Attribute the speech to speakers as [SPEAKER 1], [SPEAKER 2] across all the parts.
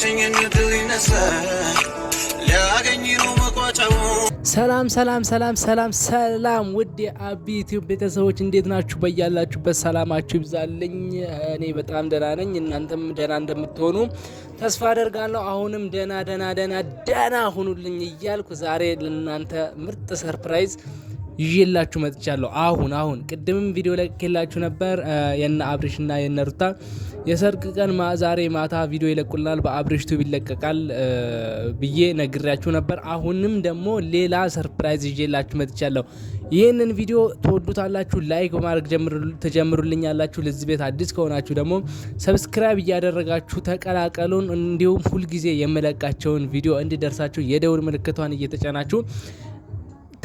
[SPEAKER 1] ይነሳል ሊያገኝ ነው መቋጫው።
[SPEAKER 2] ሰላም ሰላም ሰላም ሰላም ሰላም ውድ የአቢ ዩቲዩብ ቤተሰቦች እንዴት ናችሁ? በያላችሁበት ሰላማችሁ ይብዛልኝ። እኔ በጣም ደህና ነኝ፣ እናንተም ደህና እንደምትሆኑ ተስፋ አደርጋለሁ። አሁንም ደህና ደህና ደህና ደህና ሁኑልኝ እያልኩ ዛሬ ለእናንተ ምርጥ ሰርፕራይዝ ይዤላችሁ መጥቻለሁ። አሁን አሁን ቅድምም ቪዲዮ ለቅኬላችሁ ነበር የነ አብሪሽ እና የነ ሩታ የሰርግ ቀን ዛሬ ማታ ቪዲዮ ይለቁልናል፣ በአብሪሽ ቱብ ይለቀቃል ብዬ ነግሬያችሁ ነበር። አሁንም ደግሞ ሌላ ሰርፕራይዝ ይዤላችሁ መጥቻለሁ። ይህንን ቪዲዮ ትወዱታላችሁ፣ ላይክ በማድረግ ተጀምሩልኛላችሁ። ለዚህ ቤት አዲስ ከሆናችሁ ደግሞ ሰብስክራይብ እያደረጋችሁ ተቀላቀሉን። እንዲሁም ሁልጊዜ የምለቃቸውን ቪዲዮ እንዲደርሳችሁ የደውል ምልክቷን እየተጫናችሁ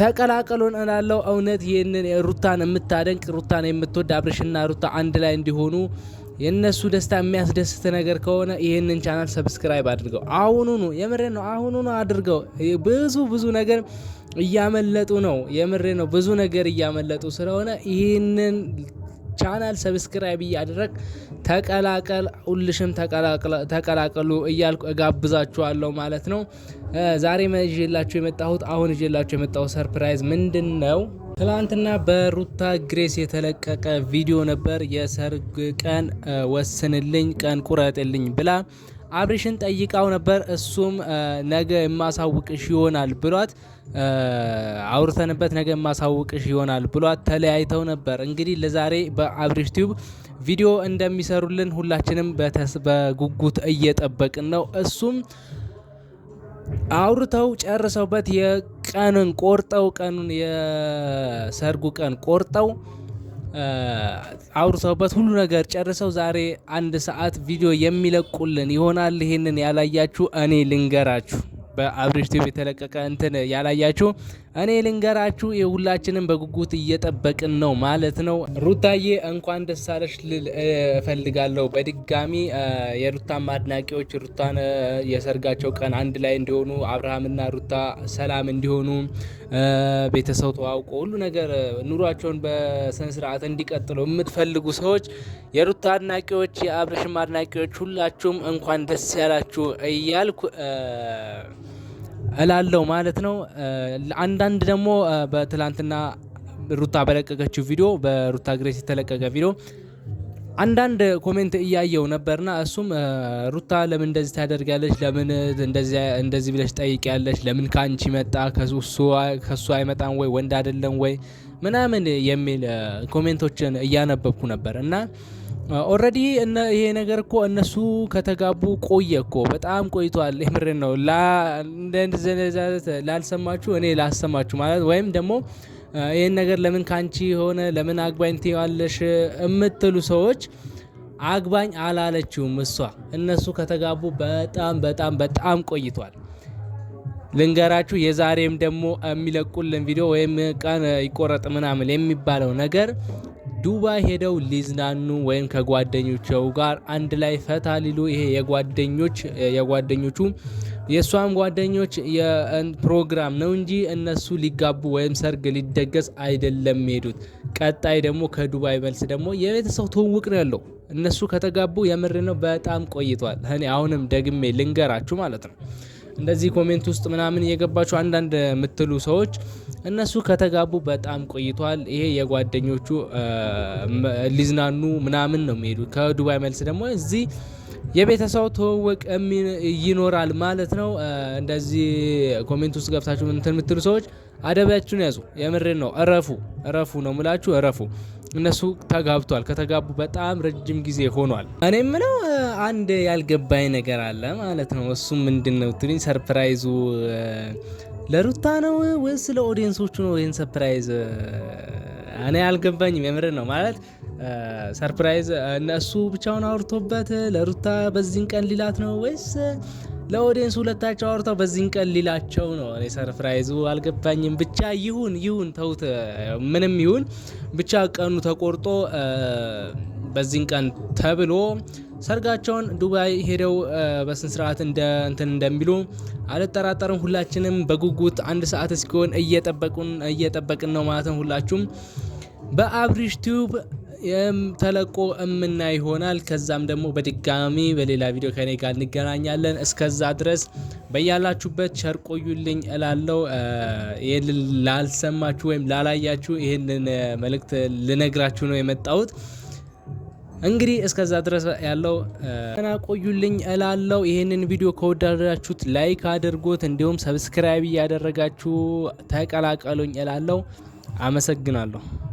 [SPEAKER 2] ተቀላቀሉን እላለው። እውነት ይህንን ሩታን የምታደንቅ ሩታን የምትወድ አብርሽና ሩታ አንድ ላይ እንዲሆኑ የእነሱ ደስታ የሚያስደስት ነገር ከሆነ ይህንን ቻናል ሰብስክራይብ አድርገው አሁኑኑ። የምሬ ነው፣ አሁኑኑ አድርገው። ብዙ ብዙ ነገር እያመለጡ ነው። የምሬ ነው፣ ብዙ ነገር እያመለጡ ስለሆነ ይህንን ቻናል ሰብስክራይብ እያደረግ ተቀላቀል፣ ሁልሽም ተቀላቀሉ እያልኩ እጋብዛችኋለሁ ማለት ነው። ዛሬ ይዤላችሁ የመጣሁት አሁን ይዤላችሁ የመጣሁት ሰርፕራይዝ ምንድን ነው? ትላንትና በሩታ ግሬስ የተለቀቀ ቪዲዮ ነበር። የሰርግ ቀን ወስንልኝ፣ ቀን ቁረጥልኝ ብላ አብሬሽን ጠይቃው ነበር። እሱም ነገ የማሳውቅሽ ይሆናል ብሏት አውርተንበት ነገ የማሳውቅሽ ይሆናል ብሏት ተለያይተው ነበር። እንግዲህ ለዛሬ በአብሬሽ ቲዩብ ቪዲዮ እንደሚሰሩልን ሁላችንም በጉጉት እየጠበቅን ነው። እሱም አውርተው ጨርሰውበት የቀንን ቆርጠው ቀኑን የሰርጉ ቀን ቆርጠው አውርተውበት ሁሉ ነገር ጨርሰው ዛሬ አንድ ሰዓት ቪዲዮ የሚለቁልን ይሆናል። ይሄንን ያላያችሁ እኔ ልንገራችሁ፣ በአብሬሽ ቲዩብ የተለቀቀ እንትን ያላያችሁ እኔ ልንገራችሁ የሁላችንም በጉጉት እየጠበቅን ነው ማለት ነው። ሩታዬ እንኳን ደስ አለሽ ልል እፈልጋለሁ በድጋሚ የሩታን ማድናቂዎች ሩታን የሰርጋቸው ቀን አንድ ላይ እንዲሆኑ አብርሃምና ሩታ ሰላም እንዲሆኑ ቤተሰብ ተዋውቆ ሁሉ ነገር ኑሯቸውን በስነ ስርዓት እንዲቀጥሉ የምትፈልጉ ሰዎች የሩታ አድናቂዎች፣ የአብርሽም አድናቂዎች ሁላችሁም እንኳን ደስ ያላችሁ እያልኩ እላለው ማለት ነው። አንዳንድ ደግሞ በትላንትና ሩታ በለቀቀችው ቪዲዮ በሩታ ግሬስ የተለቀቀ ቪዲዮ አንዳንድ ኮሜንት እያየው ነበርና እሱም ሩታ ለምን እንደዚህ ታደርጋለች? ለምን እንደዚህ ብለሽ ጠይቂያለሽ? ለምን ከአንቺ መጣ ከሱ አይመጣም ወይ ወንድ አይደለም ወይ ምናምን የሚል ኮሜንቶችን እያነበብኩ ነበር እና ኦልሬዲ ይሄ ነገር እኮ እነሱ ከተጋቡ ቆየ እኮ በጣም ቆይቷል። የምሬን ነው። ላልሰማችሁ እኔ ላሰማችሁ ማለት ወይም ደግሞ ይህን ነገር ለምን ካንቺ ሆነ ለምን አግባኝ ትዋለሽ የምትሉ ሰዎች አግባኝ አላለችውም እሷ። እነሱ ከተጋቡ በጣም በጣም በጣም ቆይቷል። ልንገራችሁ የዛሬም ደግሞ የሚለቁልን ቪዲዮ ወይም ቀን ይቆረጥ ምናምን የሚባለው ነገር ዱባይ ሄደው ሊዝናኑ ወይም ከጓደኞቸው ጋር አንድ ላይ ፈታ ሊሉ ይሄ የጓደኞች የጓደኞቹ የእሷም ጓደኞች ፕሮግራም ነው እንጂ እነሱ ሊጋቡ ወይም ሰርግ ሊደገስ አይደለም ሄዱት። ቀጣይ ደግሞ ከዱባይ መልስ ደግሞ የቤተሰብ ትውውቅ ነው ያለው። እነሱ ከተጋቡ የምር ነው በጣም ቆይቷል። እኔ አሁንም ደግሜ ልንገራችሁ ማለት ነው እንደዚህ ኮሜንት ውስጥ ምናምን የገባችሁ አንዳንድ የምትሉ ሰዎች እነሱ ከተጋቡ በጣም ቆይቷል። ይሄ የጓደኞቹ ሊዝናኑ ምናምን ነው የሚሄዱ። ከዱባይ መልስ ደግሞ እዚህ የቤተሰቡ ትውውቅ ይኖራል ማለት ነው። እንደዚህ ኮሜንት ውስጥ ገብታችሁ እንትን የምትሉ ሰዎች አደባችሁን ያዙ። የምሬን ነው። እረፉ፣ እረፉ ነው ምላችሁ፣ እረፉ። እነሱ ተጋብቷል። ከተጋቡ በጣም ረጅም ጊዜ ሆኗል። እኔ ምለው አንድ ያልገባኝ ነገር አለ ማለት ነው። እሱም ምንድን ነው ትልኝ፣ ሰርፕራይዙ ለሩታ ነው ወይስ ለኦዲየንሶቹ ነው? ይህን ሰርፕራይዝ እኔ አልገባኝም። የምር ነው ማለት ሰርፕራይዝ እነሱ ብቻውን አውርቶበት ለሩታ በዚህን ቀን ሊላት ነው ወይስ ለኦዲየንስ ሁለታቸው አውርተው በዚህን ቀን ሊላቸው ነው። እኔ ሰርፍራይዙ አልገባኝም። ብቻ ይሁን ይሁን ተውት፣ ምንም ይሁን ብቻ ቀኑ ተቆርጦ በዚህን ቀን ተብሎ ሰርጋቸውን ዱባይ ሄደው በስን ስርዓት እንደ እንትን እንደሚሉ አልጠራጠርም። ሁላችንም በጉጉት አንድ ሰዓት እስኪሆን እየጠበቅን ነው ማለት ነው። ሁላችሁም በአብሪሽ ቲዩብ ተለቆ እምናይ ይሆናል። ከዛም ደግሞ በድጋሚ በሌላ ቪዲዮ ከኔ ጋር እንገናኛለን። እስከዛ ድረስ በያላችሁበት ቸርቆዩልኝ ቆዩልኝ ይህን ላልሰማችሁ ወይም ላላያችሁ ይህንን መልእክት ልነግራችሁ ነው የመጣሁት። እንግዲህ እስከዛ ድረስ ያለው እና ቆዩልኝ እላለው ይህንን ቪዲዮ ከወዳዳችሁት ላይክ አድርጎት፣ እንዲሁም ሰብስክራይብ እያደረጋችሁ ተቀላቀሉኝ እላለው አመሰግናለሁ።